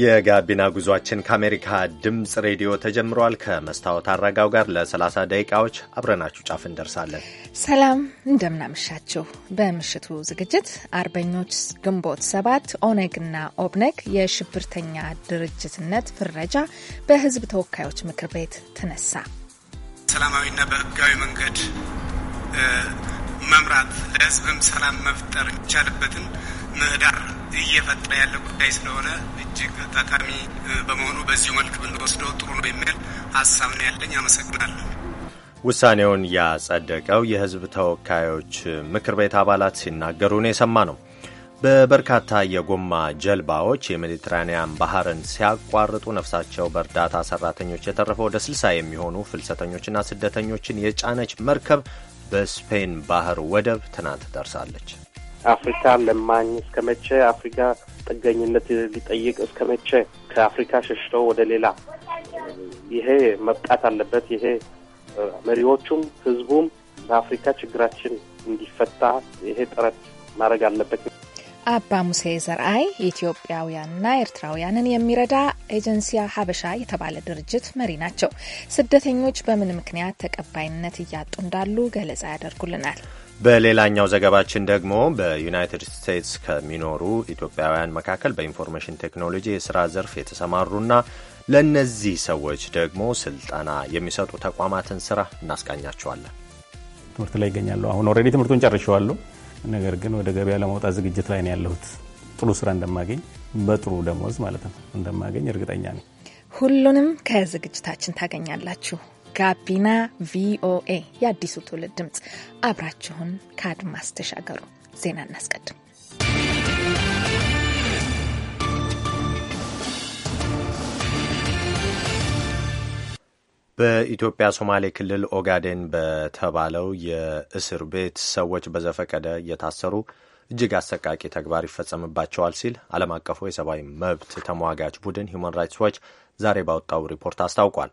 የጋቢና ጉዟችን ከአሜሪካ ድምፅ ሬዲዮ ተጀምሯል። ከመስታወት አረጋው ጋር ለ30 ደቂቃዎች አብረናችሁ ጫፍ እንደርሳለን። ሰላም እንደምናመሻችሁ። በምሽቱ ዝግጅት አርበኞች ግንቦት ሰባት ኦነግና ኦብነግ የሽብርተኛ ድርጅትነት ፍረጃ በሕዝብ ተወካዮች ምክር ቤት ተነሳ። ሰላማዊና በህጋዊ መንገድ መምራት ለህዝብም ሰላም መፍጠር ይቻልበትን ምህዳር እየፈጠረ ያለ ጉዳይ ስለሆነ እጅግ ጠቃሚ በመሆኑ በዚሁ መልክ ብንወስደው ጥሩ ነው የሚል ሀሳብ ነው ያለኝ። አመሰግናለሁ። ውሳኔውን ያጸደቀው የህዝብ ተወካዮች ምክር ቤት አባላት ሲናገሩ ነው የሰማ ነው። በበርካታ የጎማ ጀልባዎች የሜዲትራኒያን ባህርን ሲያቋርጡ ነፍሳቸው በእርዳታ ሰራተኞች የተረፈ ወደ 60 የሚሆኑ ፍልሰተኞችና ስደተኞችን የጫነች መርከብ በስፔን ባህር ወደብ ትናንት ደርሳለች። አፍሪካ ለማኝ እስከ መቼ? አፍሪካ ጥገኝነት ሊጠይቅ እስከ መቼ? ከአፍሪካ ሸሽተው ወደ ሌላ ይሄ መብቃት አለበት። ይሄ መሪዎቹም ህዝቡም በአፍሪካ ችግራችን እንዲፈታ ይሄ ጥረት ማድረግ አለበት። አባ ሙሴ ዘርአይ ኢትዮጵያውያንና ኤርትራውያንን የሚረዳ ኤጀንሲያ ሀበሻ የተባለ ድርጅት መሪ ናቸው። ስደተኞች በምን ምክንያት ተቀባይነት እያጡ እንዳሉ ገለጻ ያደርጉልናል። በሌላኛው ዘገባችን ደግሞ በዩናይትድ ስቴትስ ከሚኖሩ ኢትዮጵያውያን መካከል በኢንፎርሜሽን ቴክኖሎጂ የስራ ዘርፍ የተሰማሩና ለእነዚህ ሰዎች ደግሞ ስልጠና የሚሰጡ ተቋማትን ስራ እናስቃኛቸዋለን። ትምህርት ላይ ይገኛለሁ። አሁን ኦልሬዲ ትምህርቱን ጨርሸዋለሁ ነገር ግን ወደ ገበያ ለማውጣት ዝግጅት ላይ ነው ያለሁት። ጥሩ ስራ እንደማገኝ በጥሩ ደሞዝ ማለት ነው እንደማገኝ እርግጠኛ ነኝ። ሁሉንም ከዝግጅታችን ታገኛላችሁ። ጋቢና ቪኦኤ የአዲሱ ትውልድ ድምፅ፣ አብራችሁን ከአድማስ ተሻገሩ። ዜና እናስቀድም። በኢትዮጵያ ሶማሌ ክልል ኦጋዴን በተባለው የእስር ቤት ሰዎች በዘፈቀደ እየታሰሩ እጅግ አሰቃቂ ተግባር ይፈጸምባቸዋል ሲል ዓለም አቀፉ የሰብአዊ መብት ተሟጋች ቡድን ሂውማን ራይትስ ዋች ዛሬ ባወጣው ሪፖርት አስታውቋል።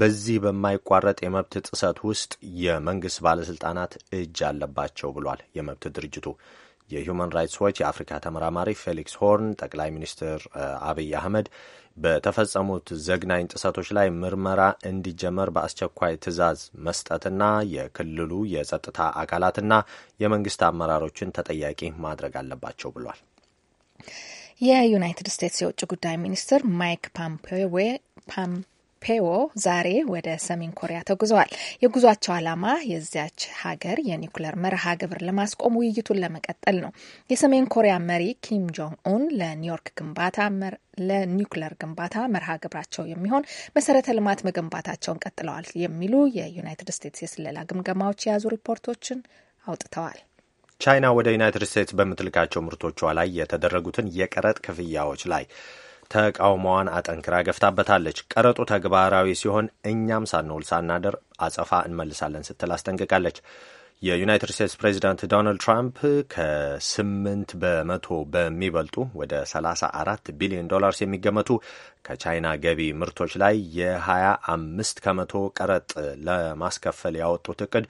በዚህ በማይቋረጥ የመብት ጥሰት ውስጥ የመንግስት ባለስልጣናት እጅ አለባቸው ብሏል የመብት ድርጅቱ። የሁማን ራይትስ ዎች የአፍሪካ ተመራማሪ ፌሊክስ ሆርን ጠቅላይ ሚኒስትር አብይ አህመድ በተፈጸሙት ዘግናኝ ጥሰቶች ላይ ምርመራ እንዲጀመር በአስቸኳይ ትዕዛዝ መስጠትና የክልሉ የጸጥታ አካላትና የመንግስት አመራሮችን ተጠያቂ ማድረግ አለባቸው ብሏል። የዩናይትድ ስቴትስ የውጭ ጉዳይ ሚኒስትር ማይክ ፓም ፖምፔዮ ዛሬ ወደ ሰሜን ኮሪያ ተጉዘዋል። የጉዟቸው ዓላማ የዚያች ሀገር የኒኩለር መርሃ ግብር ለማስቆም ውይይቱን ለመቀጠል ነው። የሰሜን ኮሪያ መሪ ኪም ጆንግ ኡን ለኒውዮርክ ግንባታ ለኒውክለር ግንባታ መርሃ ግብራቸው የሚሆን መሰረተ ልማት መገንባታቸውን ቀጥለዋል የሚሉ የዩናይትድ ስቴትስ የስለላ ግምገማዎች የያዙ ሪፖርቶችን አውጥተዋል። ቻይና ወደ ዩናይትድ ስቴትስ በምትልካቸው ምርቶቿ ላይ የተደረጉትን የቀረጥ ክፍያዎች ላይ ተቃውሞዋን አጠንክራ ገፍታበታለች። ቀረጡ ተግባራዊ ሲሆን እኛም ሳንውል ሳናደር አጸፋ እንመልሳለን ስትል አስጠንቅቃለች። የዩናይትድ ስቴትስ ፕሬዚዳንት ዶናልድ ትራምፕ ከስምንት በመቶ በሚበልጡ ወደ 34 ቢሊዮን ዶላርስ የሚገመቱ ከቻይና ገቢ ምርቶች ላይ የ25 ከመቶ ቀረጥ ለማስከፈል ያወጡት እቅድ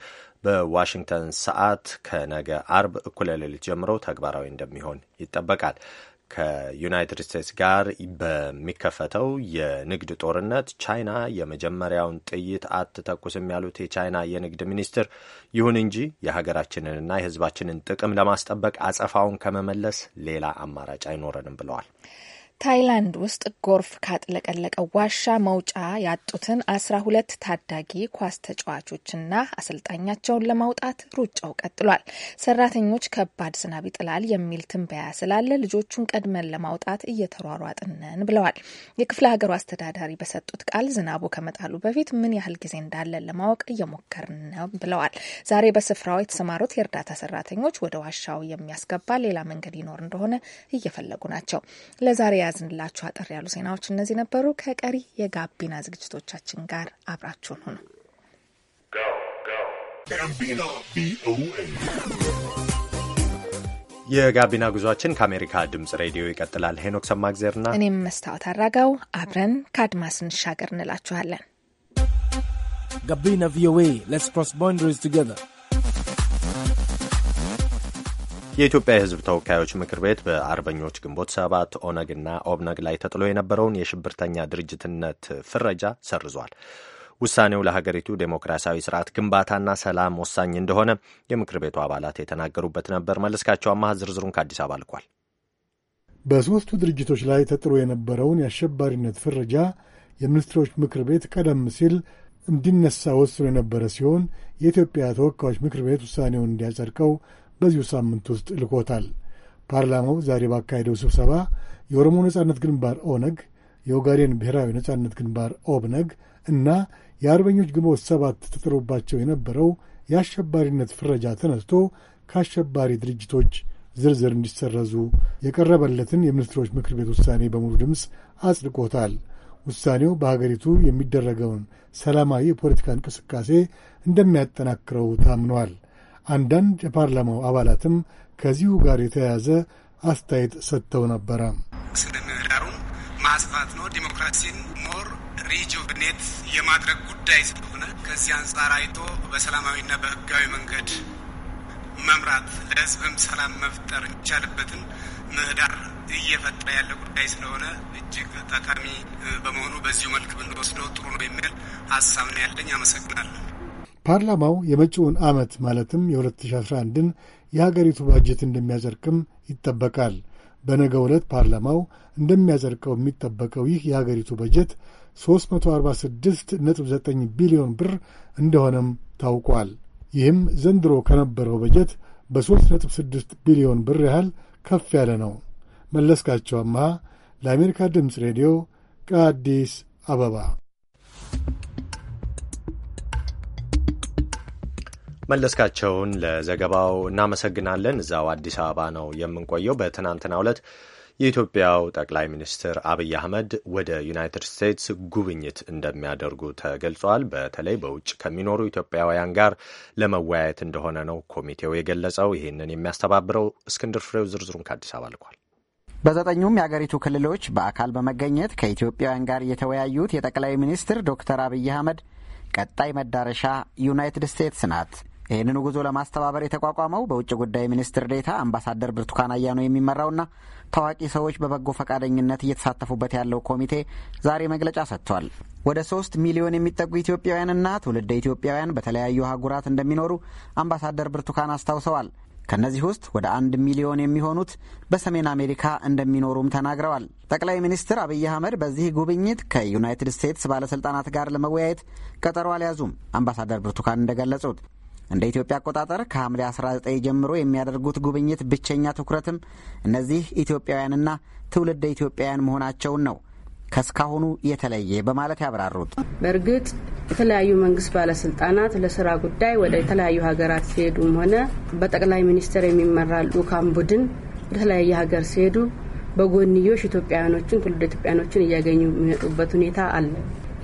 በዋሽንግተን ሰዓት ከነገ አርብ እኩለ ሌሊት ጀምሮ ተግባራዊ እንደሚሆን ይጠበቃል። ከዩናይትድ ስቴትስ ጋር በሚከፈተው የንግድ ጦርነት ቻይና የመጀመሪያውን ጥይት አትተኩስም ያሉት የቻይና የንግድ ሚኒስትር፣ ይሁን እንጂ የሀገራችንንና የሕዝባችንን ጥቅም ለማስጠበቅ አጸፋውን ከመመለስ ሌላ አማራጭ አይኖረንም ብለዋል። ታይላንድ ውስጥ ጎርፍ ካጥለቀለቀው ዋሻ መውጫ ያጡትን አስራ ሁለት ታዳጊ ኳስ ተጫዋቾችና አሰልጣኛቸውን ለማውጣት ሩጫው ቀጥሏል። ሰራተኞች ከባድ ዝናብ ይጥላል የሚል ትንበያ ስላለ ልጆቹን ቀድመን ለማውጣት እየተሯሯጥነን ብለዋል። የክፍለ ሀገሩ አስተዳዳሪ በሰጡት ቃል ዝናቡ ከመጣሉ በፊት ምን ያህል ጊዜ እንዳለን ለማወቅ እየሞከርን ነው ብለዋል። ዛሬ በስፍራው የተሰማሩት የእርዳታ ሰራተኞች ወደ ዋሻው የሚያስገባ ሌላ መንገድ ይኖር እንደሆነ እየፈለጉ ናቸው። ለዛሬ የያዝንላችሁ አጠር ያሉ ዜናዎች እነዚህ ነበሩ። ከቀሪ የጋቢና ዝግጅቶቻችን ጋር አብራችሁን ሁኑ። የጋቢና ጉዟችን ከአሜሪካ ድምጽ ሬዲዮ ይቀጥላል። ሄኖክ ሰማግዜርና እኔም መስታወት አራጋው አብረን ከአድማስ እንሻገር እንላችኋለን። ጋቢና ቪኦኤ ሌትስ ክሮስ ባውንደሪስ ቱጌዘር የኢትዮጵያ የሕዝብ ተወካዮች ምክር ቤት በአርበኞች ግንቦት ሰባት ኦነግና ኦብነግ ላይ ተጥሎ የነበረውን የሽብርተኛ ድርጅትነት ፍረጃ ሰርዟል። ውሳኔው ለሀገሪቱ ዴሞክራሲያዊ ስርዓት ግንባታና ሰላም ወሳኝ እንደሆነ የምክር ቤቱ አባላት የተናገሩበት ነበር። መለስካቸው አማህ ዝርዝሩን ከአዲስ አበባ ልኳል። በሦስቱ ድርጅቶች ላይ ተጥሎ የነበረውን የአሸባሪነት ፍረጃ የሚኒስትሮች ምክር ቤት ቀደም ሲል እንዲነሳ ወስኖ የነበረ ሲሆን የኢትዮጵያ ተወካዮች ምክር ቤት ውሳኔውን እንዲያጸድቀው በዚሁ ሳምንት ውስጥ ልኮታል። ፓርላማው ዛሬ ባካሄደው ስብሰባ የኦሮሞ ነጻነት ግንባር ኦነግ፣ የኦጋዴን ብሔራዊ ነጻነት ግንባር ኦብነግ እና የአርበኞች ግንቦት ሰባት ተጥሎባቸው የነበረው የአሸባሪነት ፍረጃ ተነስቶ ከአሸባሪ ድርጅቶች ዝርዝር እንዲሰረዙ የቀረበለትን የሚኒስትሮች ምክር ቤት ውሳኔ በሙሉ ድምፅ አጽድቆታል። ውሳኔው በሀገሪቱ የሚደረገውን ሰላማዊ የፖለቲካ እንቅስቃሴ እንደሚያጠናክረው ታምኗል። አንዳንድ የፓርላማው አባላትም ከዚሁ ጋር የተያያዘ አስተያየት ሰጥተው ነበረ። ስነ ምህዳሩን ማስፋት ነው፣ ዲሞክራሲን ሞር ሪጁቭኔት የማድረግ ጉዳይ ስለሆነ ከዚህ አንጻር አይቶ በሰላማዊና በህጋዊ መንገድ መምራት ለህዝብም ሰላም መፍጠር የሚቻልበትን ምህዳር እየፈጠረ ያለ ጉዳይ ስለሆነ እጅግ ጠቃሚ በመሆኑ በዚሁ መልክ ብንወስደው ጥሩ ነው የሚል ሀሳብ ነው ያለኝ። አመሰግናለሁ። ፓርላማው የመጪውን ዓመት ማለትም የ2011ን የሀገሪቱ ባጀት እንደሚያጸድቅም ይጠበቃል። በነገ ዕለት ፓርላማው እንደሚያጸድቀው የሚጠበቀው ይህ የሀገሪቱ በጀት 346.9 ቢሊዮን ብር እንደሆነም ታውቋል። ይህም ዘንድሮ ከነበረው በጀት በ3.6 ቢሊዮን ብር ያህል ከፍ ያለ ነው። መለስካቸው አምሃ ለአሜሪካ ድምፅ ሬዲዮ ከአዲስ አበባ መለስካቸውን ለዘገባው እናመሰግናለን። እዛው አዲስ አበባ ነው የምንቆየው። በትናንትናው ዕለት የኢትዮጵያው ጠቅላይ ሚኒስትር አብይ አህመድ ወደ ዩናይትድ ስቴትስ ጉብኝት እንደሚያደርጉ ተገልጿል። በተለይ በውጭ ከሚኖሩ ኢትዮጵያውያን ጋር ለመወያየት እንደሆነ ነው ኮሚቴው የገለጸው። ይህንን የሚያስተባብረው እስክንድር ፍሬው ዝርዝሩን ከአዲስ አበባ ልኳል። በዘጠኙም የአገሪቱ ክልሎች በአካል በመገኘት ከኢትዮጵያውያን ጋር የተወያዩት የጠቅላይ ሚኒስትር ዶክተር አብይ አህመድ ቀጣይ መዳረሻ ዩናይትድ ስቴትስ ናት። ይህንን ጉዞ ለማስተባበር የተቋቋመው በውጭ ጉዳይ ሚኒስትር ዴታ አምባሳደር ብርቱካን አያኖ የሚመራውና ታዋቂ ሰዎች በበጎ ፈቃደኝነት እየተሳተፉበት ያለው ኮሚቴ ዛሬ መግለጫ ሰጥቷል። ወደ ሶስት ሚሊዮን የሚጠጉ ኢትዮጵያውያንና ትውልደ ኢትዮጵያውያን በተለያዩ አህጉራት እንደሚኖሩ አምባሳደር ብርቱካን አስታውሰዋል። ከእነዚህ ውስጥ ወደ አንድ ሚሊዮን የሚሆኑት በሰሜን አሜሪካ እንደሚኖሩም ተናግረዋል። ጠቅላይ ሚኒስትር አብይ አህመድ በዚህ ጉብኝት ከዩናይትድ ስቴትስ ባለስልጣናት ጋር ለመወያየት ቀጠሮ አልያዙም። አምባሳደር ብርቱካን እንደገለጹት እንደ ኢትዮጵያ አቆጣጠር ከሐምሌ 19 ጀምሮ የሚያደርጉት ጉብኝት ብቸኛ ትኩረትም እነዚህ ኢትዮጵያውያንና ትውልደ ኢትዮጵያውያን መሆናቸውን ነው ከስካሁኑ የተለየ በማለት ያብራሩት። በእርግጥ የተለያዩ መንግስት ባለስልጣናት ለስራ ጉዳይ ወደ የተለያዩ ሀገራት ሲሄዱም ሆነ በጠቅላይ ሚኒስትር የሚመራ ልኡካን ቡድን በተለያየ ሀገር ሲሄዱ በጎንዮሽ ኢትዮጵያውያኖችን ትውልደ ኢትዮጵያውያኖችን እያገኙ የሚመጡበት ሁኔታ አለ።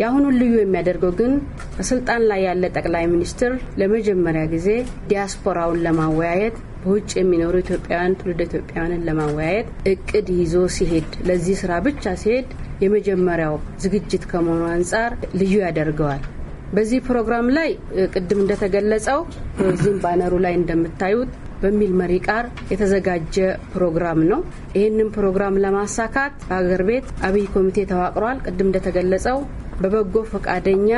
የአሁኑን ልዩ የሚያደርገው ግን በስልጣን ላይ ያለ ጠቅላይ ሚኒስትር ለመጀመሪያ ጊዜ ዲያስፖራውን ለማወያየት በውጭ የሚኖሩ ኢትዮጵያውያን ትውልደ ኢትዮጵያውያንን ለማወያየት እቅድ ይዞ ሲሄድ ለዚህ ስራ ብቻ ሲሄድ የመጀመሪያው ዝግጅት ከመሆኑ አንጻር ልዩ ያደርገዋል። በዚህ ፕሮግራም ላይ ቅድም እንደተገለጸው በዚህም ባነሩ ላይ እንደምታዩት በሚል መሪ ቃር የተዘጋጀ ፕሮግራም ነው። ይህንን ፕሮግራም ለማሳካት በሀገር ቤት አብይ ኮሚቴ ተዋቅሯል። ቅድም እንደተገለጸው በበጎ ፈቃደኛ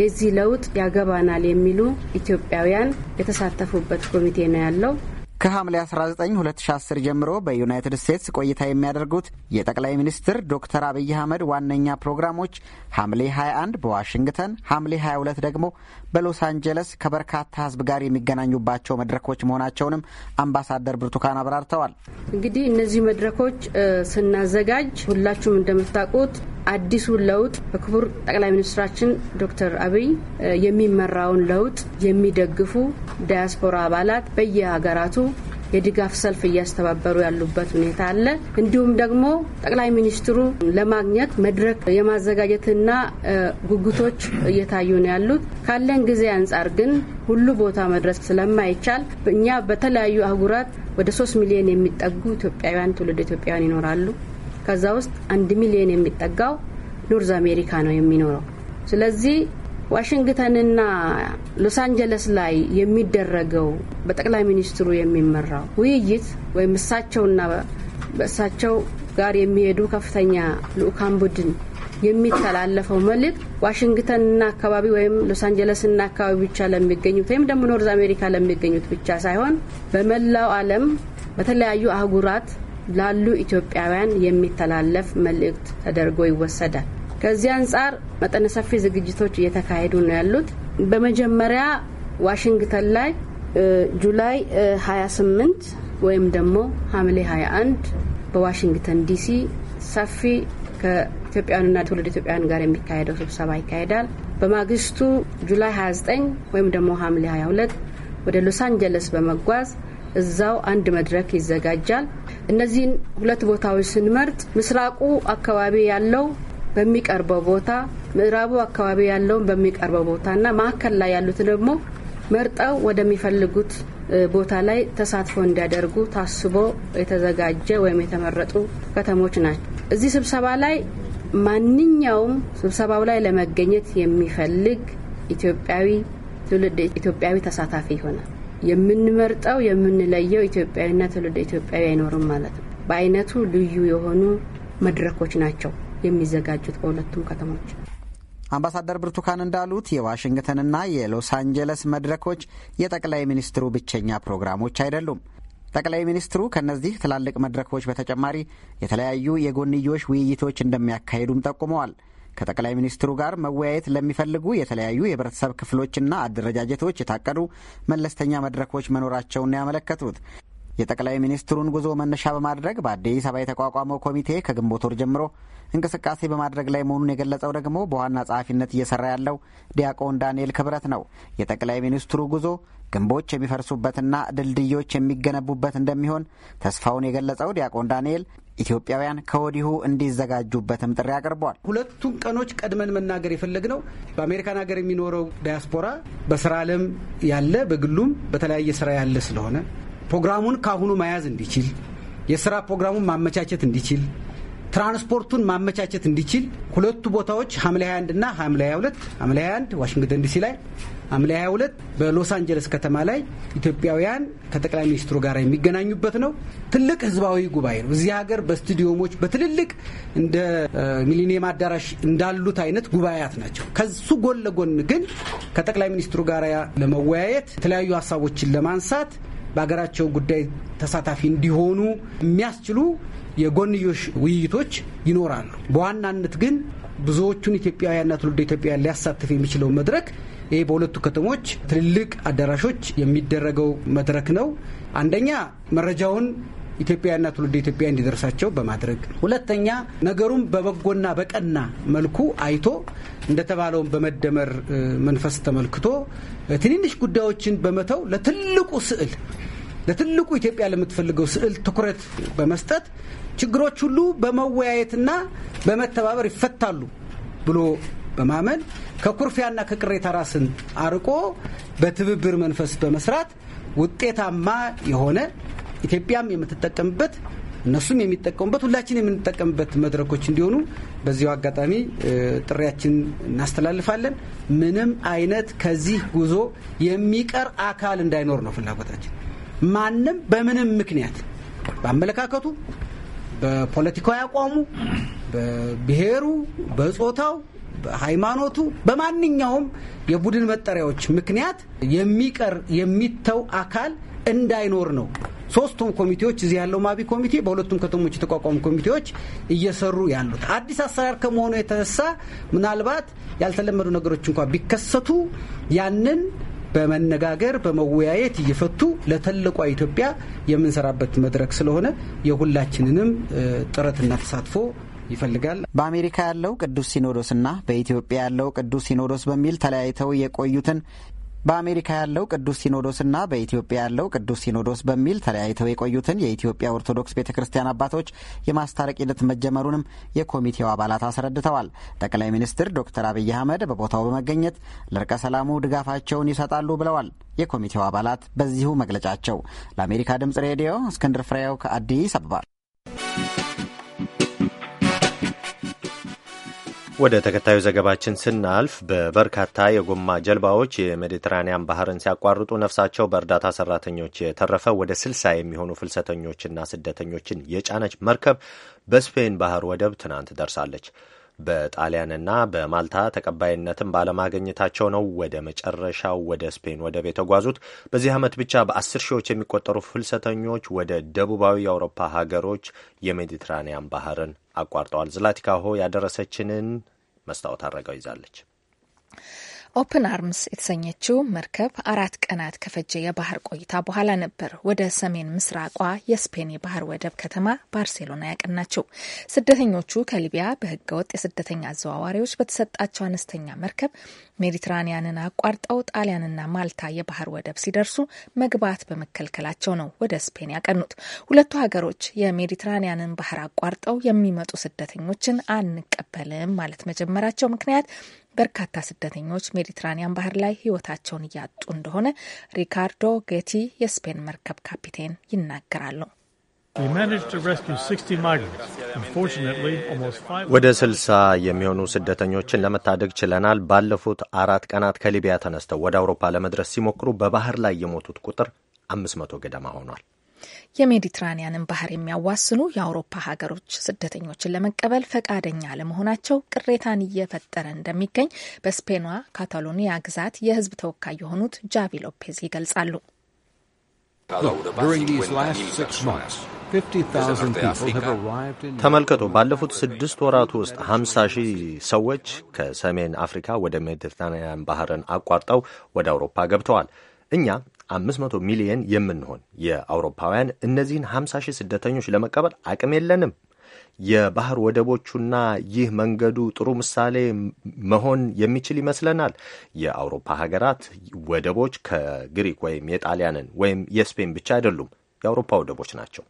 የዚህ ለውጥ ያገባናል የሚሉ ኢትዮጵያውያን የተሳተፉበት ኮሚቴ ነው ያለው። ከሐምሌ 19 2010 ጀምሮ በዩናይትድ ስቴትስ ቆይታ የሚያደርጉት የጠቅላይ ሚኒስትር ዶክተር አብይ አህመድ ዋነኛ ፕሮግራሞች ሐምሌ 21 በዋሽንግተን፣ ሐምሌ 22 ደግሞ በሎስ አንጀለስ ከበርካታ ህዝብ ጋር የሚገናኙባቸው መድረኮች መሆናቸውንም አምባሳደር ብርቱካን አብራርተዋል። እንግዲህ እነዚህ መድረኮች ስናዘጋጅ ሁላችሁም እንደምታውቁት አዲሱ ለውጥ በክቡር ጠቅላይ ሚኒስትራችን ዶክተር አብይ የሚመራውን ለውጥ የሚደግፉ ዳያስፖራ አባላት በየሀገራቱ የድጋፍ ሰልፍ እያስተባበሩ ያሉበት ሁኔታ አለ። እንዲሁም ደግሞ ጠቅላይ ሚኒስትሩ ለማግኘት መድረክ የማዘጋጀትና ጉጉቶች እየታዩ ነው ያሉት። ካለን ጊዜ አንጻር ግን ሁሉ ቦታ መድረስ ስለማይቻል እኛ በተለያዩ አህጉራት ወደ ሶስት ሚሊዮን የሚጠጉ ኢትዮጵያውያን ትውልድ ኢትዮጵያውያን ይኖራሉ። ከዛ ውስጥ አንድ ሚሊዮን የሚጠጋው ኖርዝ አሜሪካ ነው የሚኖረው። ስለዚህ ዋሽንግተንና ሎስ አንጀለስ ላይ የሚደረገው በጠቅላይ ሚኒስትሩ የሚመራው ውይይት ወይም እሳቸውና በእሳቸው ጋር የሚሄዱ ከፍተኛ ልኡካን ቡድን የሚተላለፈው መልእክት ዋሽንግተንና አካባቢ ወይም ሎስ አንጀለስና አካባቢ ብቻ ለሚገኙት ወይም ደግሞ ኖርዝ አሜሪካ ለሚገኙት ብቻ ሳይሆን በመላው ዓለም በተለያዩ አህጉራት ላሉ ኢትዮጵያውያን የሚተላለፍ መልእክት ተደርጎ ይወሰዳል። ከዚህ አንጻር መጠነ ሰፊ ዝግጅቶች እየተካሄዱ ነው ያሉት። በመጀመሪያ ዋሽንግተን ላይ ጁላይ 28 ወይም ደግሞ ሐምሌ 21 በዋሽንግተን ዲሲ ሰፊ ከኢትዮጵያውያንና ትውልድ ኢትዮጵያውያን ጋር የሚካሄደው ስብሰባ ይካሄዳል። በማግስቱ ጁላይ 29 ወይም ደግሞ ሐምሌ 22 ወደ ሎስ አንጀለስ በመጓዝ እዛው አንድ መድረክ ይዘጋጃል። እነዚህን ሁለት ቦታዎች ስንመርጥ ምስራቁ አካባቢ ያለው በሚቀርበው ቦታ ምዕራቡ አካባቢ ያለውን በሚቀርበው ቦታና ማዕከል ላይ ያሉት ደግሞ መርጠው ወደሚፈልጉት ቦታ ላይ ተሳትፎ እንዲያደርጉ ታስቦ የተዘጋጀ ወይም የተመረጡ ከተሞች ናቸው። እዚህ ስብሰባ ላይ ማንኛውም ስብሰባው ላይ ለመገኘት የሚፈልግ ኢትዮጵያዊ ትውልድ ኢትዮጵያዊ ተሳታፊ ይሆናል። የምንመርጠው የምንለየው ኢትዮጵያዊና ትውልድ ኢትዮጵያዊ አይኖርም ማለት ነው። በአይነቱ ልዩ የሆኑ መድረኮች ናቸው። የሚዘጋጁት በሁለቱም ከተሞች። አምባሳደር ብርቱካን እንዳሉት የዋሽንግተንና የሎስ አንጀለስ መድረኮች የጠቅላይ ሚኒስትሩ ብቸኛ ፕሮግራሞች አይደሉም። ጠቅላይ ሚኒስትሩ ከእነዚህ ትላልቅ መድረኮች በተጨማሪ የተለያዩ የጎንዮሽ ውይይቶች እንደሚያካሂዱም ጠቁመዋል። ከጠቅላይ ሚኒስትሩ ጋር መወያየት ለሚፈልጉ የተለያዩ የህብረተሰብ ክፍሎችና አደረጃጀቶች የታቀዱ መለስተኛ መድረኮች መኖራቸውን ያመለከቱት የጠቅላይ ሚኒስትሩን ጉዞ መነሻ በማድረግ በአዲስ አበባ የተቋቋመው ኮሚቴ ከግንቦት ወር ጀምሮ እንቅስቃሴ በማድረግ ላይ መሆኑን የገለጸው ደግሞ በዋና ጸሐፊነት እየሰራ ያለው ዲያቆን ዳንኤል ክብረት ነው። የጠቅላይ ሚኒስትሩ ጉዞ ግንቦች የሚፈርሱበትና ድልድዮች የሚገነቡበት እንደሚሆን ተስፋውን የገለጸው ዲያቆን ዳንኤል ኢትዮጵያውያን ከወዲሁ እንዲዘጋጁበትም ጥሪ አቅርቧል። ሁለቱን ቀኖች ቀድመን መናገር የፈለግነው በአሜሪካን ሀገር የሚኖረው ዳያስፖራ በስራ ዓለም ያለ በግሉም በተለያየ ስራ ያለ ስለሆነ ፕሮግራሙን ካሁኑ መያዝ እንዲችል፣ የስራ ፕሮግራሙን ማመቻቸት እንዲችል፣ ትራንስፖርቱን ማመቻቸት እንዲችል ሁለቱ ቦታዎች ሐምሌ 21 እና ሐምሌ 22 ሐምሌ 21 ዋሽንግተን ዲሲ ላይ ሐምሌ 22 በሎስ አንጀለስ ከተማ ላይ ኢትዮጵያውያን ከጠቅላይ ሚኒስትሩ ጋር የሚገናኙበት ነው። ትልቅ ህዝባዊ ጉባኤ ነው። እዚህ ሀገር በስቱዲዮሞች በትልልቅ እንደ ሚሊኒየም አዳራሽ እንዳሉት አይነት ጉባኤያት ናቸው። ከሱ ጎን ለጎን ግን ከጠቅላይ ሚኒስትሩ ጋር ለመወያየት የተለያዩ ሀሳቦችን ለማንሳት በሀገራቸው ጉዳይ ተሳታፊ እንዲሆኑ የሚያስችሉ የጎንዮሽ ውይይቶች ይኖራሉ። በዋናነት ግን ብዙዎቹን ኢትዮጵያውያንና ትውልደ ኢትዮጵያውያን ሊያሳትፍ የሚችለው መድረክ ይህ በሁለቱ ከተሞች ትልልቅ አዳራሾች የሚደረገው መድረክ ነው። አንደኛ መረጃውን ኢትዮጵያና ትውልድ ኢትዮጵያ እንዲደርሳቸው በማድረግ ሁለተኛ ነገሩን በበጎና በቀና መልኩ አይቶ እንደተባለውን በመደመር መንፈስ ተመልክቶ ትንንሽ ጉዳዮችን በመተው ለትልቁ ስዕል ለትልቁ ኢትዮጵያ ለምትፈልገው ስዕል ትኩረት በመስጠት ችግሮች ሁሉ በመወያየትና በመተባበር ይፈታሉ ብሎ በማመን ከኩርፊያና ከቅሬታ ራስን አርቆ በትብብር መንፈስ በመስራት ውጤታማ የሆነ ኢትዮጵያም የምትጠቀምበት እነሱም የሚጠቀሙበት ሁላችን የምንጠቀምበት መድረኮች እንዲሆኑ በዚሁ አጋጣሚ ጥሪያችን እናስተላልፋለን። ምንም አይነት ከዚህ ጉዞ የሚቀር አካል እንዳይኖር ነው ፍላጎታችን። ማንም በምንም ምክንያት በአመለካከቱ፣ በፖለቲካዊ አቋሙ፣ በብሔሩ፣ በጾታው፣ በሃይማኖቱ፣ በማንኛውም የቡድን መጠሪያዎች ምክንያት የሚቀር የሚተው አካል እንዳይኖር ነው ሶስቱም ኮሚቴዎች እዚህ ያለው ማቢ ኮሚቴ፣ በሁለቱም ከተሞች የተቋቋሙ ኮሚቴዎች እየሰሩ ያሉት አዲስ አሰራር ከመሆኑ የተነሳ ምናልባት ያልተለመዱ ነገሮች እንኳ ቢከሰቱ ያንን በመነጋገር በመወያየት እየፈቱ ለተለቋ ኢትዮጵያ የምንሰራበት መድረክ ስለሆነ የሁላችንንም ጥረትና ተሳትፎ ይፈልጋል። በአሜሪካ ያለው ቅዱስ ሲኖዶስና በኢትዮጵያ ያለው ቅዱስ ሲኖዶስ በሚል ተለያይተው የቆዩትን በአሜሪካ ያለው ቅዱስ ሲኖዶስና በኢትዮጵያ ያለው ቅዱስ ሲኖዶስ በሚል ተለያይተው የቆዩትን የኢትዮጵያ ኦርቶዶክስ ቤተ ክርስቲያን አባቶች የማስታረቅ ሂደት መጀመሩንም የኮሚቴው አባላት አስረድተዋል። ጠቅላይ ሚኒስትር ዶክተር አብይ አህመድ በቦታው በመገኘት ለእርቀ ሰላሙ ድጋፋቸውን ይሰጣሉ ብለዋል የኮሚቴው አባላት በዚሁ መግለጫቸው። ለአሜሪካ ድምጽ ሬዲዮ እስክንድር ፍሬው ከአዲስ አበባ ወደ ተከታዩ ዘገባችን ስናልፍ በበርካታ የጎማ ጀልባዎች የሜዲትራኒያን ባህርን ሲያቋርጡ ነፍሳቸው በእርዳታ ሰራተኞች የተረፈ ወደ ስልሳ የሚሆኑ ፍልሰተኞችና ስደተኞችን የጫነች መርከብ በስፔን ባህር ወደብ ትናንት ደርሳለች። በጣሊያንና በማልታ ተቀባይነትን ባለማግኘታቸው ነው ወደ መጨረሻው ወደ ስፔን ወደብ የተጓዙት። በዚህ ዓመት ብቻ በአስር ሺዎች የሚቆጠሩ ፍልሰተኞች ወደ ደቡባዊ የአውሮፓ ሀገሮች የሜዲትራኒያን ባህርን አቋርጠዋል። ዝላቲካሆ ያደረሰችንን መስታወት አድረገው ይዛለች። ኦፕን አርምስ የተሰኘችው መርከብ አራት ቀናት ከፈጀ የባህር ቆይታ በኋላ ነበር ወደ ሰሜን ምስራቋ የስፔን የባህር ወደብ ከተማ ባርሴሎና ያቀናቸው። ስደተኞቹ ከሊቢያ በህገወጥ የስደተኛ አዘዋዋሪዎች በተሰጣቸው አነስተኛ መርከብ ሜዲትራኒያንን አቋርጠው ጣሊያንና ማልታ የባህር ወደብ ሲደርሱ መግባት በመከልከላቸው ነው ወደ ስፔን ያቀኑት። ሁለቱ ሀገሮች የሜዲትራኒያንን ባህር አቋርጠው የሚመጡ ስደተኞችን አንቀበልም ማለት መጀመራቸው ምክንያት በርካታ ስደተኞች ሜዲትራኒያን ባህር ላይ ህይወታቸውን እያጡ እንደሆነ ሪካርዶ ጌቲ የስፔን መርከብ ካፒቴን ይናገራሉ። ወደ ስልሳ የሚሆኑ ስደተኞችን ለመታደግ ችለናል። ባለፉት አራት ቀናት ከሊቢያ ተነስተው ወደ አውሮፓ ለመድረስ ሲሞክሩ በባህር ላይ የሞቱት ቁጥር አምስት መቶ ገደማ ሆኗል። የሜዲትራኒያንን ባህር የሚያዋስኑ የአውሮፓ ሀገሮች ስደተኞችን ለመቀበል ፈቃደኛ ለመሆናቸው ቅሬታን እየፈጠረ እንደሚገኝ በስፔኗ ካታሎኒያ ግዛት የህዝብ ተወካይ የሆኑት ጃቪ ሎፔዝ ይገልጻሉ። ተመልከቱ ባለፉት ስድስት ወራት ውስጥ ሀምሳ ሺህ ሰዎች ከሰሜን አፍሪካ ወደ ሜዲትራኒያን ባህርን አቋርጠው ወደ አውሮፓ ገብተዋል። እኛ 500 ሚሊየን የምንሆን የአውሮፓውያን እነዚህን 50 ሺህ ስደተኞች ለመቀበል አቅም የለንም። የባህር ወደቦቹና ይህ መንገዱ ጥሩ ምሳሌ መሆን የሚችል ይመስለናል። የአውሮፓ ሀገራት ወደቦች ከግሪክ ወይም የጣሊያንን ወይም የስፔን ብቻ አይደሉም፣ የአውሮፓ ወደቦች ናቸው።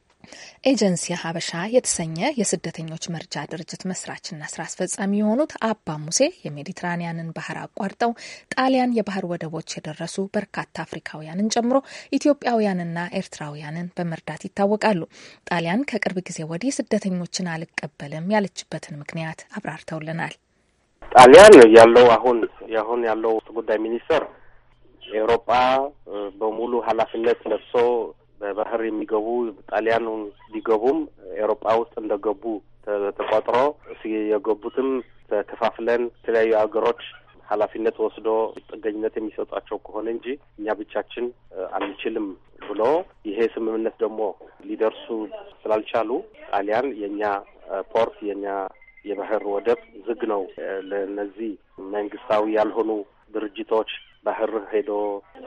ኤጀንሲ ሀበሻ የተሰኘ የስደተኞች መርጃ ድርጅት መስራችና ስራ አስፈጻሚ የሆኑት አባ ሙሴ የሜዲትራኒያንን ባህር አቋርጠው ጣሊያን የባህር ወደቦች የደረሱ በርካታ አፍሪካውያንን ጨምሮ ኢትዮጵያውያንና ኤርትራውያንን በመርዳት ይታወቃሉ። ጣሊያን ከቅርብ ጊዜ ወዲህ ስደተኞችን አልቀበልም ያለችበትን ምክንያት አብራርተውልናል። ጣሊያን ያለው አሁን አሁን ያለው ውስጥ ጉዳይ ሚኒስትር ኤውሮፓ በሙሉ ኃላፊነት ለብሶ በባህር የሚገቡ ጣሊያን ሊገቡም ኤሮጳ ውስጥ እንደገቡ ተቆጥሮ የገቡትም ተከፋፍለን የተለያዩ ሀገሮች ኃላፊነት ወስዶ ጥገኝነት የሚሰጧቸው ከሆነ እንጂ እኛ ብቻችን አንችልም ብሎ ይሄ ስምምነት ደግሞ ሊደርሱ ስላልቻሉ ጣሊያን የእኛ ፖርት የእኛ የባህር ወደብ ዝግ ነው፣ ለእነዚህ መንግስታዊ ያልሆኑ ድርጅቶች ባህር ሄዶ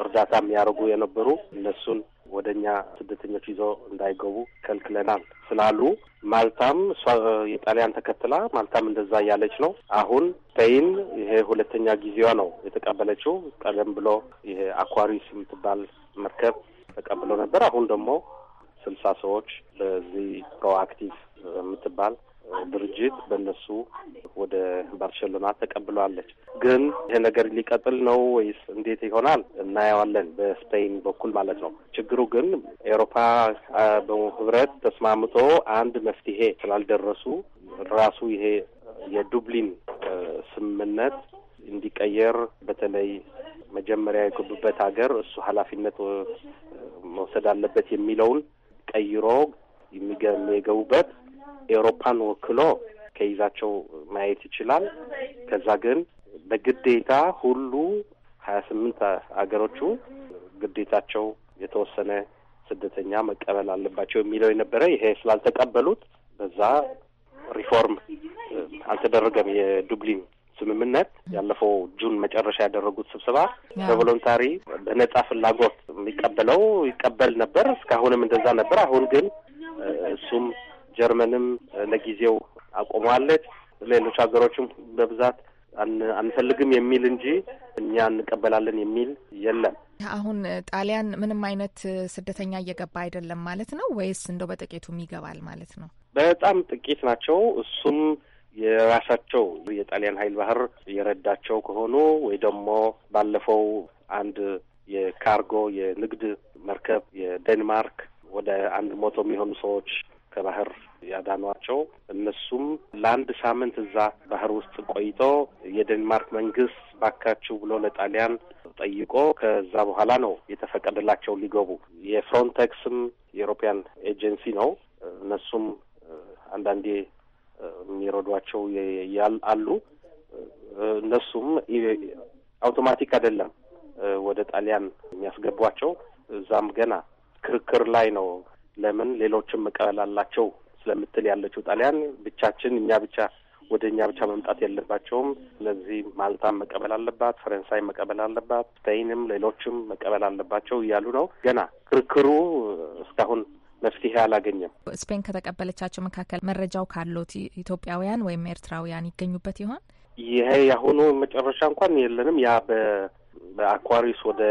እርዳታ የሚያደርጉ የነበሩ እነሱን ወደ እኛ ስደተኞች ይዞ እንዳይገቡ ከልክለናል ስላሉ ማልታም የጣሊያን ተከትላ ማልታም እንደዛ እያለች ነው። አሁን ስፔን ይሄ ሁለተኛ ጊዜዋ ነው የተቀበለችው። ቀደም ብሎ ይሄ አኳሪስ የምትባል መርከብ ተቀብሎ ነበር። አሁን ደግሞ ስልሳ ሰዎች በዚህ ፕሮአክቲቭ የምትባል ድርጅት በእነሱ ወደ ባርሴሎና ተቀብሏለች ግን ይሄ ነገር ሊቀጥል ነው ወይስ እንዴት ይሆናል? እናየዋለን። በስፔን በኩል ማለት ነው። ችግሩ ግን ኤሮፓ በህብረት ተስማምቶ አንድ መፍትሄ ስላልደረሱ ራሱ ይሄ የዱብሊን ስምምነት እንዲቀየር በተለይ መጀመሪያ የገቡበት ሀገር እሱ ኃላፊነት መውሰድ አለበት የሚለውን ቀይሮ የሚገቡበት ኤውሮፓን ወክሎ ከይዛቸው ማየት ይችላል። ከዛ ግን በግዴታ ሁሉ ሀያ ስምንት አገሮቹ ግዴታቸው የተወሰነ ስደተኛ መቀበል አለባቸው የሚለው የነበረ ይሄ ስላልተቀበሉት በዛ ሪፎርም አልተደረገም። የዱብሊን ስምምነት ያለፈው ጁን መጨረሻ ያደረጉት ስብሰባ በቮሎንታሪ በነጻ ፍላጎት የሚቀበለው ይቀበል ነበር። እስካሁንም እንደዛ ነበር። አሁን ግን እሱም ጀርመንም ለጊዜው አቆመዋለች። ሌሎች ሀገሮችም በብዛት አንፈልግም የሚል እንጂ እኛ እንቀበላለን የሚል የለም። አሁን ጣሊያን ምንም አይነት ስደተኛ እየገባ አይደለም ማለት ነው ወይስ እንደው በጥቂቱም ይገባል ማለት ነው? በጣም ጥቂት ናቸው። እሱም የራሳቸው የጣሊያን ኃይል ባህር የረዳቸው ከሆኑ ወይ ደግሞ ባለፈው አንድ የካርጎ የንግድ መርከብ የዴንማርክ ወደ አንድ መቶ የሚሆኑ ሰዎች ከባህር ያዳኗቸው። እነሱም ለአንድ ሳምንት እዛ ባህር ውስጥ ቆይቶ የዴንማርክ መንግስት ባካችሁ ብሎ ለጣሊያን ጠይቆ ከዛ በኋላ ነው የተፈቀደላቸው ሊገቡ። የፍሮንቴክስም የኢሮፒያን ኤጀንሲ ነው። እነሱም አንዳንዴ የሚረዷቸው አሉ። እነሱም አውቶማቲክ አይደለም ወደ ጣሊያን የሚያስገቧቸው። እዛም ገና ክርክር ላይ ነው ለምን ሌሎችም መቀበል አላቸው ስለምትል ያለችው ጣሊያን ብቻችን እኛ ብቻ ወደ እኛ ብቻ መምጣት የለባቸውም። ስለዚህ ማልታም መቀበል አለባት፣ ፈረንሳይ መቀበል አለባት፣ ስፔንም ሌሎችም መቀበል አለባቸው እያሉ ነው። ገና ክርክሩ እስካሁን መፍትሄ አላገኘም። ስፔን ከተቀበለቻቸው መካከል መረጃው ካሉት ኢትዮጵያውያን ወይም ኤርትራውያን ይገኙበት ይሆን? ይሄ የአሁኑ መጨረሻ እንኳን የለንም። ያ በአኳሪስ ወደ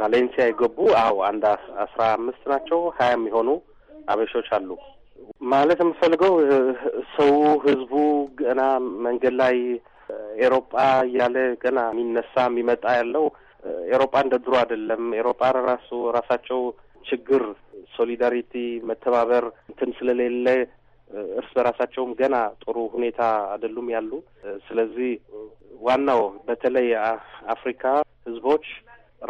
ቫሌንሲያ የገቡ አዎ አንድ አስራ አምስት ናቸው ሀያ የሚሆኑ አበሾች አሉ። ማለት የምፈልገው ሰው ህዝቡ ገና መንገድ ላይ ኤሮጳ እያለ ገና የሚነሳ የሚመጣ ያለው ኤሮጳ እንደ ድሮ አይደለም። ኤሮጳ ራሱ ራሳቸው ችግር ሶሊዳሪቲ መተባበር እንትን ስለሌለ እርስ በራሳቸውም ገና ጥሩ ሁኔታ አይደሉም ያሉ። ስለዚህ ዋናው በተለይ አፍሪካ ህዝቦች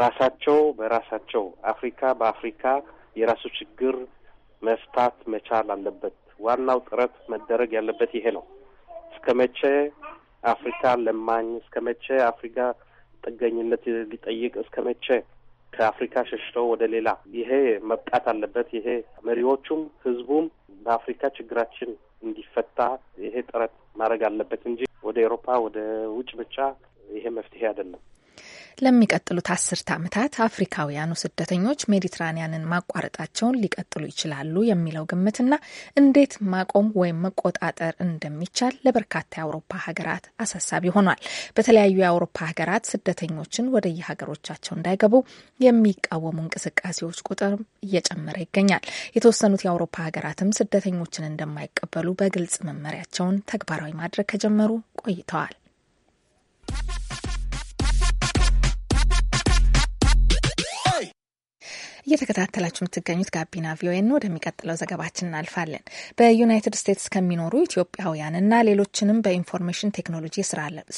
ራሳቸው በራሳቸው አፍሪካ በአፍሪካ የራሱ ችግር መፍታት መቻል አለበት። ዋናው ጥረት መደረግ ያለበት ይሄ ነው። እስከ መቼ አፍሪካ ለማኝ፣ እስከ መቼ አፍሪካ ጥገኝነት ሊጠይቅ፣ እስከ መቼ ከአፍሪካ ሸሽተው ወደ ሌላ? ይሄ መብቃት አለበት። ይሄ መሪዎቹም ህዝቡም በአፍሪካ ችግራችን እንዲፈታ ይሄ ጥረት ማድረግ አለበት እንጂ ወደ ኤሮፓ ወደ ውጭ ብቻ ይሄ መፍትሄ አይደለም። ለሚቀጥሉት አስርተ ዓመታት አፍሪካውያኑ ስደተኞች ሜዲትራኒያንን ማቋረጣቸውን ሊቀጥሉ ይችላሉ የሚለው ግምትና እንዴት ማቆም ወይም መቆጣጠር እንደሚቻል ለበርካታ የአውሮፓ ሀገራት አሳሳቢ ሆኗል። በተለያዩ የአውሮፓ ሀገራት ስደተኞችን ወደየሀገሮቻቸው እንዳይገቡ የሚቃወሙ እንቅስቃሴዎች ቁጥር እየጨመረ ይገኛል። የተወሰኑት የአውሮፓ ሀገራትም ስደተኞችን እንደማይቀበሉ በግልጽ መመሪያቸውን ተግባራዊ ማድረግ ከጀመሩ ቆይተዋል። እየተከታተላችሁ የምትገኙት ጋቢና ቪኦኤ ነው። ወደሚቀጥለው ዘገባችን እናልፋለን። በዩናይትድ ስቴትስ ከሚኖሩ ኢትዮጵያውያንና ሌሎችንም በኢንፎርሜሽን ቴክኖሎጂ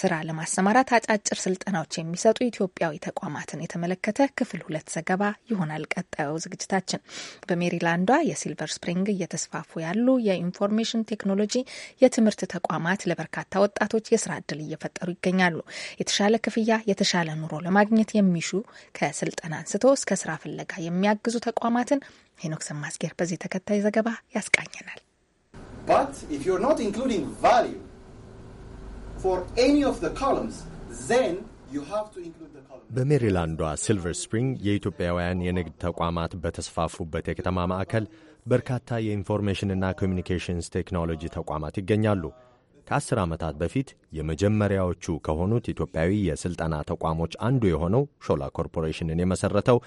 ስራ ለማሰማራት አጫጭር ስልጠናዎች የሚሰጡ ኢትዮጵያዊ ተቋማትን የተመለከተ ክፍል ሁለት ዘገባ ይሆናል ቀጣዩ ዝግጅታችን። በሜሪላንዷ የሲልቨር ስፕሪንግ እየተስፋፉ ያሉ የኢንፎርሜሽን ቴክኖሎጂ የትምህርት ተቋማት ለበርካታ ወጣቶች የስራ እድል እየፈጠሩ ይገኛሉ። የተሻለ ክፍያ፣ የተሻለ ኑሮ ለማግኘት የሚሹ ከስልጠና አንስቶ እስከ ስራ ፍለጋ የሚ የሚያግዙ ተቋማትን ሄኖክ ሰማስጌር በዚህ ተከታይ ዘገባ ያስቃኘናል። በሜሪላንዷ ሲልቨር ስፕሪንግ የኢትዮጵያውያን የንግድ ተቋማት በተስፋፉበት የከተማ ማዕከል በርካታ የኢንፎርሜሽንና ኮሚኒኬሽንስ ቴክኖሎጂ ተቋማት ይገኛሉ። ከአስር ዓመታት በፊት የመጀመሪያዎቹ ከሆኑት ኢትዮጵያዊ የሥልጠና ተቋሞች አንዱ የሆነው ሾላ ኮርፖሬሽንን የመሠረተው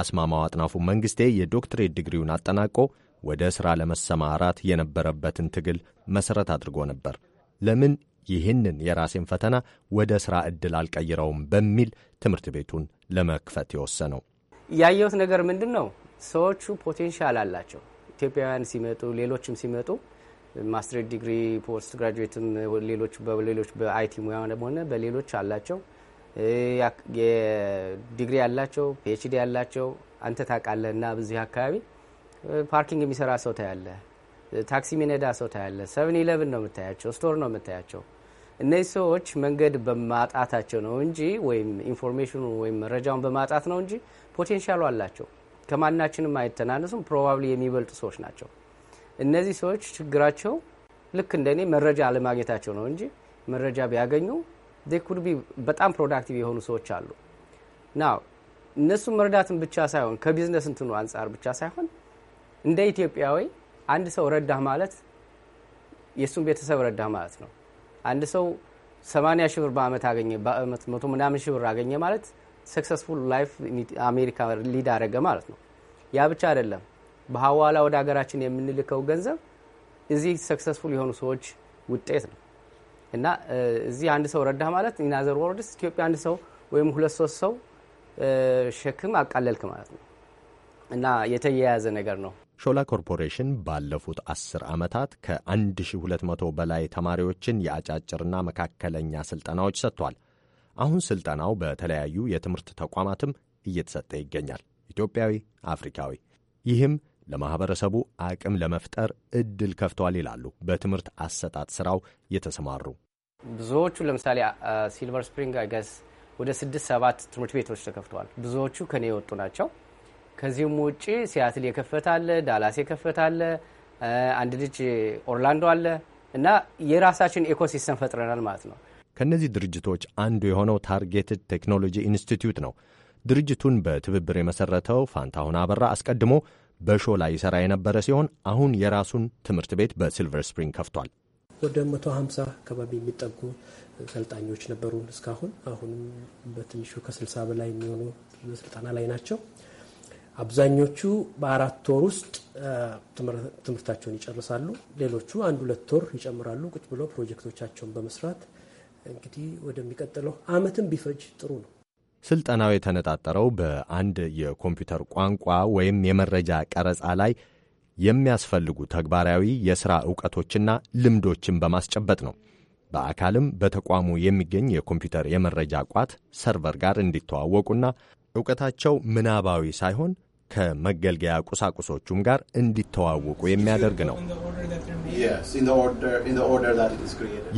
አስማማው አጥናፉ መንግሥቴ የዶክትሬት ዲግሪውን አጠናቆ ወደ ሥራ ለመሰማራት የነበረበትን ትግል መሠረት አድርጎ ነበር። ለምን ይህንን የራሴን ፈተና ወደ ሥራ ዕድል አልቀይረውም በሚል ትምህርት ቤቱን ለመክፈት የወሰነው ያየሁት ነገር ምንድን ነው? ሰዎቹ ፖቴንሻል አላቸው። ኢትዮጵያውያን ሲመጡ፣ ሌሎችም ሲመጡ ማስትሬት ዲግሪ ፖስት ግራጁዌትም ሌሎች በሌሎች በአይቲ ሙያ ሆነ በሌሎች አላቸው ዲግሪ ያላቸው ፒኤችዲ ያላቸው አንተ ታውቃለህ እና በዚህ አካባቢ ፓርኪንግ የሚሰራ ሰው ታያለ፣ ታክሲ ሚነዳ ሰው ታያለ፣ ሰብን ኢለብን ነው የምታያቸው፣ ስቶር ነው የምታያቸው። እነዚህ ሰዎች መንገድ በማጣታቸው ነው እንጂ ወይም ኢንፎርሜሽኑ ወይም መረጃውን በማጣት ነው እንጂ ፖቴንሻሉ አላቸው። ከማናችንም አይተናነሱም። ፕሮባብሊ የሚበልጡ ሰዎች ናቸው። እነዚህ ሰዎች ችግራቸው ልክ እንደኔ መረጃ አለማግኘታቸው ነው እንጂ መረጃ ቢያገኙ ኩድቢ በጣም ፕሮዳክቲቭ የሆኑ ሰዎች አሉ። ና እነሱ መርዳትን ብቻ ሳይሆን ከቢዝነስ እንትኑ አንጻር ብቻ ሳይሆን እንደ ኢትዮጵያዊ አንድ ሰው ረዳህ ማለት የእሱን ቤተሰብ ረዳህ ማለት ነው። አንድ ሰው ሰማንያ ሺህ ብር በአመት አገኘ በአመት መቶ ምናምን ሺህ ብር አገኘ ማለት ሰክሰስፉል ላይፍ አሜሪካ ሊድ አደረገ ማለት ነው። ያ ብቻ አይደለም በሐዋላ ወደ ሀገራችን የምንልከው ገንዘብ እዚህ ሰክሰስፉል የሆኑ ሰዎች ውጤት ነው እና እዚህ አንድ ሰው ረዳህ ማለት ኢናዘር ወርድስ ኢትዮጵያ አንድ ሰው ወይም ሁለት ሶስት ሰው ሸክም አቃለልክ ማለት ነው እና የተያያዘ ነገር ነው። ሾላ ኮርፖሬሽን ባለፉት አስር ዓመታት ከ1200 በላይ ተማሪዎችን የአጫጭርና መካከለኛ ሥልጠናዎች ሰጥቷል። አሁን ሥልጠናው በተለያዩ የትምህርት ተቋማትም እየተሰጠ ይገኛል። ኢትዮጵያዊ አፍሪካዊ ይህም ለማህበረሰቡ አቅም ለመፍጠር እድል ከፍቷል ይላሉ በትምህርት አሰጣጥ ስራው የተሰማሩ ብዙዎቹ። ለምሳሌ ሲልቨር ስፕሪንግ አይገስ ወደ ስድስት ሰባት ትምህርት ቤቶች ተከፍተዋል። ብዙዎቹ ከኔ የወጡ ናቸው። ከዚህም ውጭ ሲያትል የከፈታለ፣ ዳላስ የከፈታለ፣ አንድ ልጅ ኦርላንዶ አለ እና የራሳችን ኤኮሲስተም ፈጥረናል ማለት ነው። ከእነዚህ ድርጅቶች አንዱ የሆነው ታርጌትድ ቴክኖሎጂ ኢንስቲትዩት ነው። ድርጅቱን በትብብር የመሰረተው ፋንታሁን አበራ አስቀድሞ በሾላ ይሰራ የነበረ ሲሆን አሁን የራሱን ትምህርት ቤት በሲልቨር ስፕሪንግ ከፍቷል። ወደ 150 አካባቢ የሚጠጉ ሰልጣኞች ነበሩ እስካሁን። አሁንም በትንሹ ከ60 በላይ የሚሆኑ በስልጠና ላይ ናቸው። አብዛኞቹ በአራት ወር ውስጥ ትምህርታቸውን ይጨርሳሉ። ሌሎቹ አንድ ሁለት ወር ይጨምራሉ። ቁጭ ብሎ ፕሮጀክቶቻቸውን በመስራት እንግዲህ ወደሚቀጥለው ዓመትም ቢፈጅ ጥሩ ነው። ስልጠናው የተነጣጠረው በአንድ የኮምፒውተር ቋንቋ ወይም የመረጃ ቀረጻ ላይ የሚያስፈልጉ ተግባራዊ የሥራ ዕውቀቶችና ልምዶችን በማስጨበጥ ነው። በአካልም በተቋሙ የሚገኝ የኮምፒውተር የመረጃ ቋት ሰርቨር ጋር እንዲተዋወቁና ዕውቀታቸው ምናባዊ ሳይሆን ከመገልገያ ቁሳቁሶቹም ጋር እንዲተዋወቁ የሚያደርግ ነው።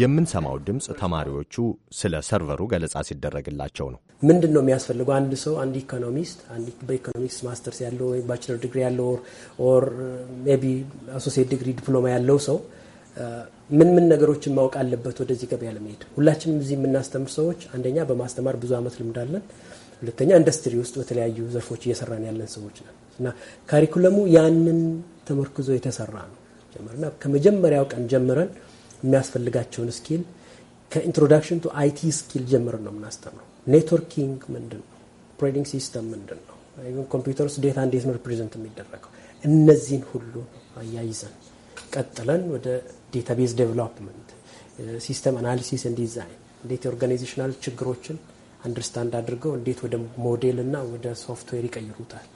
የምንሰማው ድምፅ ተማሪዎቹ ስለ ሰርቨሩ ገለጻ ሲደረግላቸው ነው። ምንድን ነው የሚያስፈልገው? አንድ ሰው አንድ ኢኮኖሚስት በኢኮኖሚክስ ማስተርስ ያለው ወይም ባችለር ዲግሪ ያለው ኦር ሜይ ቢ አሶሴት ዲግሪ ዲፕሎማ ያለው ሰው ምን ምን ነገሮችን ማወቅ አለበት ወደዚህ ገበያ ለመሄድ? ሁላችንም እዚህ የምናስተምር ሰዎች አንደኛ በማስተማር ብዙ ዓመት ልምድ አለን። ሁለተኛ ኢንዱስትሪ ውስጥ በተለያዩ ዘርፎች እየሰራን ያለን ሰዎች ነን እና ካሪኩለሙ ያንን ተመርክዞ የተሰራ ነው ጀመርና ከመጀመሪያው ቀን ጀምረን የሚያስፈልጋቸውን ስኪል ከኢንትሮዳክሽን ቱ አይቲ ስኪል ጀምረን ነው የምናስተምረው። ኔትወርኪንግ ምንድን ነው? ኦፕሬቲንግ ሲስተም ምንድን ነው? ኮምፒውተር ውስጥ ዴታ እንዴት ነው ሪፕሬዘንት የሚደረገው? እነዚህን ሁሉ አያይዘን ቀጥለን ወደ ዴታቤዝ ዴቨሎፕመንት፣ ሲስተም አናሊሲስ፣ ዲዛይን እንዴት የኦርጋናይዜሽናል ችግሮችን አንደርስታንድ አድርገው እንዴት ወደ ሞዴል እና ወደ ሶፍትዌር ይቀይሩታል፣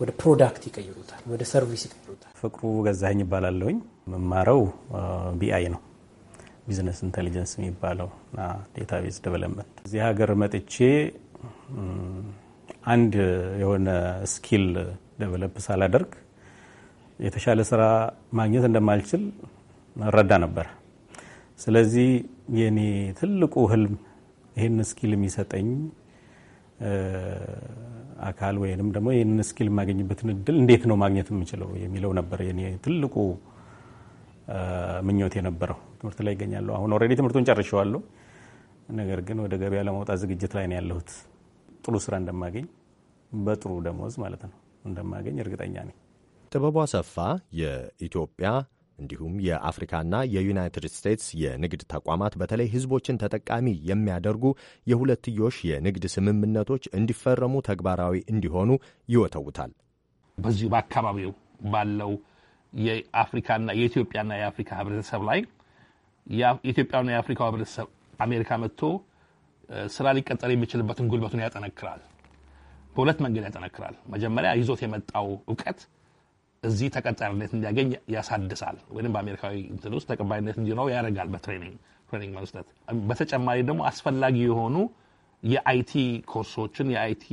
ወደ ፕሮዳክት ይቀይሩታል፣ ወደ ሰርቪስ ይቀይሩታል። ፍቅሩ ገዛኸኝ ይባላለሁኝ። መማረው ቢአይ ነው ቢዝነስ ኢንቴሊጀንስ የሚባለው እና ዴታቤዝ ዴቨሎፕመንት። እዚህ ሀገር መጥቼ አንድ የሆነ ስኪል ዴቨሎፕ ሳላደርግ የተሻለ ስራ ማግኘት እንደማልችል እረዳ ነበር። ስለዚህ የኔ ትልቁ ህልም ይህን ስኪል የሚሰጠኝ አካል ወይንም ደግሞ ይህን ስኪል የማገኝበትን እድል እንዴት ነው ማግኘት የምችለው የሚለው ነበር የኔ ትልቁ ምኞት የነበረው። ትምህርት ላይ ይገኛለሁ። አሁን ኦልሬዲ ትምህርቱን ጨርሼዋለሁ። ነገር ግን ወደ ገበያ ለማውጣት ዝግጅት ላይ ነው ያለሁት። ጥሩ ስራ እንደማገኝ በጥሩ ደሞዝ ማለት ነው እንደማገኝ እርግጠኛ ነኝ። ጥበቡ አሰፋ የኢትዮጵያ እንዲሁም የአፍሪካና የዩናይትድ ስቴትስ የንግድ ተቋማት በተለይ ህዝቦችን ተጠቃሚ የሚያደርጉ የሁለትዮሽ የንግድ ስምምነቶች እንዲፈረሙ ተግባራዊ እንዲሆኑ ይወተውታል። በዚሁ በአካባቢው ባለው የአፍሪካና የኢትዮጵያና የአፍሪካ ህብረተሰብ ላይ የኢትዮጵያና የአፍሪካ ህብረተሰብ አሜሪካ መጥቶ ስራ ሊቀጠር የሚችልበትን ጉልበቱን ያጠነክራል። በሁለት መንገድ ያጠነክራል። መጀመሪያ ይዞት የመጣው እውቀት እዚህ ተቀጣሪነት እንዲያገኝ ያሳድሳል፣ ወይም በአሜሪካዊ እንትን ውስጥ ተቀባይነት እንዲኖረው ያደርጋል። በትሬኒንግ ትሬኒንግ መስጠት በተጨማሪ ደግሞ አስፈላጊ የሆኑ የአይቲ ኮርሶችን የአይቲ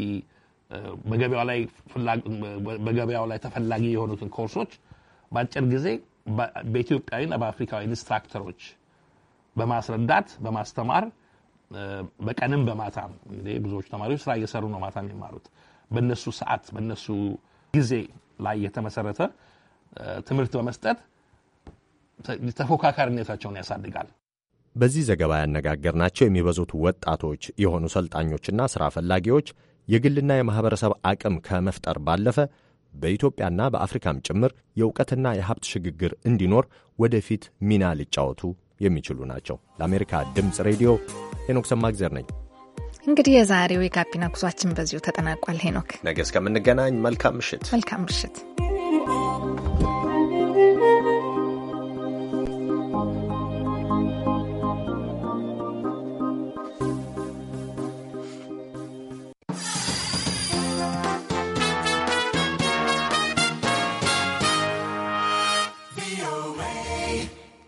በገበያው ላይ ተፈላጊ የሆኑትን ኮርሶች በአጭር ጊዜ በኢትዮጵያዊና በአፍሪካዊ ኢንስትራክተሮች በማስረዳት በማስተማር በቀንም በማታም እንግዲህ ብዙዎች ተማሪዎች ስራ እየሰሩ ነው። ማታም የሚማሩት በእነሱ ሰዓት በእነሱ ጊዜ ላይ የተመሰረተ ትምህርት በመስጠት ተፎካካሪነታቸውን ያሳድጋል። በዚህ ዘገባ ያነጋገርናቸው የሚበዙት ወጣቶች የሆኑ ሰልጣኞችና ሥራ ፈላጊዎች የግልና የማኅበረሰብ አቅም ከመፍጠር ባለፈ በኢትዮጵያና በአፍሪካም ጭምር የእውቀትና የሀብት ሽግግር እንዲኖር ወደፊት ሚና ሊጫወቱ የሚችሉ ናቸው። ለአሜሪካ ድምፅ ሬዲዮ ሄኖክ ሰማግዘር ነኝ። እንግዲህ የዛሬው የጋቢና ጉዟችን በዚሁ ተጠናቋል። ሄኖክ፣ ነገ እስከምንገናኝ መልካም ምሽት። መልካም ምሽት።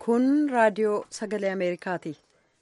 kun radio sagalee ameerikaati